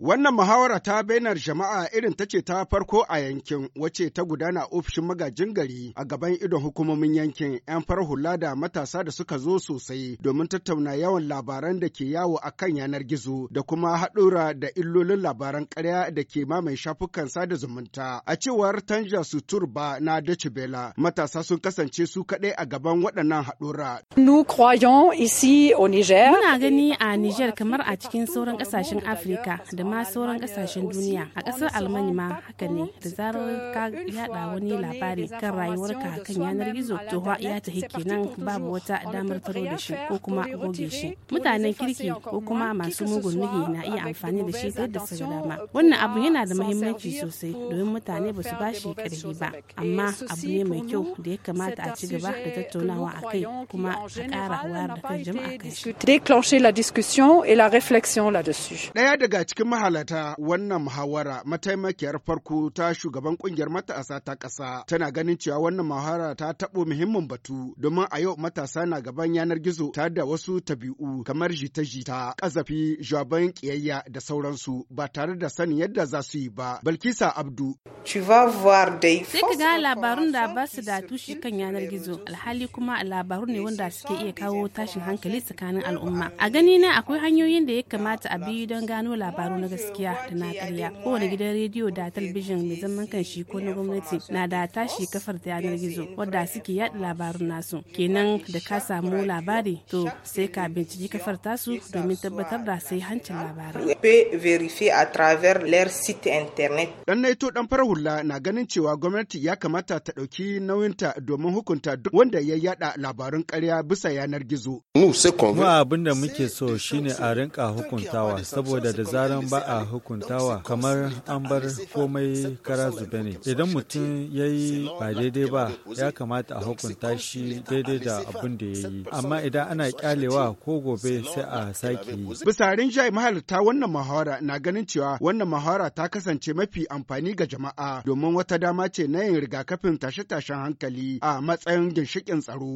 Wannan muhawara ta bainar jama'a irin ta ce ta farko a yankin wace ta gudana ofishin magajin gari a gaban idon hukumomin yankin 'yan farar hula da matasa da suka zo sosai domin tattauna yawan labaran da ke yawo a kan yanar gizo da kuma haɗura da illolin labaran karya da ke mamaye shafukan sada zumunta. A cewar Tanja Suturba na Dachibela, matasa sun kasance su kaɗai a gaban waɗannan haɗura. Muna gani a Niger kamar a cikin sauran ƙasashen Afirka ma sauran kasashen duniya a kasar almani ma haka ne da zarar ka yada wani labari kan rayuwarka kan yanar gizo to ya tahi kenan babu wata damar taro da shi ko kuma goge shi mutanen kirki ko kuma masu mugun nuhi na iya amfani da shi ta yadda su dama wannan abu yana da muhimmanci sosai domin mutane ba su ba shi karfi ba amma abu ne mai kyau da ya kamata a ci gaba da tattaunawa a kai kuma a ƙara wayar da kan jama'a kai. Déclencher la discussion et la réflexion là-dessus. Daya daga cikin mahalata wannan muhawara mataimakiyar farko ta shugaban kungiyar matasa ta ƙasa tana ganin cewa wannan muhawara ta taɓo muhimmin batu domin a yau matasa na gaban yanar gizo ta da wasu tabi'u kamar jita-jita kazafi jaban ƙiyayya da sauransu ba tare da sanin yadda za su yi ba. Balkisa Abdu. Sai ka ga labarun da ba su da tushe kan yanar gizo alhali kuma labaru ne wanda suke iya kawo tashin hankali tsakanin al'umma. A gani na akwai hanyoyin da ya kamata a bi don gano labaru na gaskiya da na karya kowane gidan rediyo da talbijin mai zaman kanshi ko na gwamnati na da tashi kafar ta yanar gizo wadda suke yada labarin nasu kenan da ka samu labari to sai ka binciki kafar tasu domin tabbatar da sai hancin labarin. Dan naito dan farar hula na ganin cewa gwamnati ya kamata ta ɗauki nauyinta domin hukunta duk wanda ya yada labarun karya bisa yanar gizo. Mu abin da muke so shine a rinka hukuntawa saboda da zaran ba ba a hukuntawa kamar an bar komai kara zube ne idan mutum ya yi ba daidai ba ya kamata a hukunta shi daidai da abin da ya yi amma idan ana kyalewa ko gobe sai a sake yi bisa jai mahalarta wannan muhawara na ganin cewa wannan muhawara ta kasance mafi amfani ga jama'a domin wata dama ce na yin rigakafin tashe-tashen hankali a matsayin ginshikin tsaro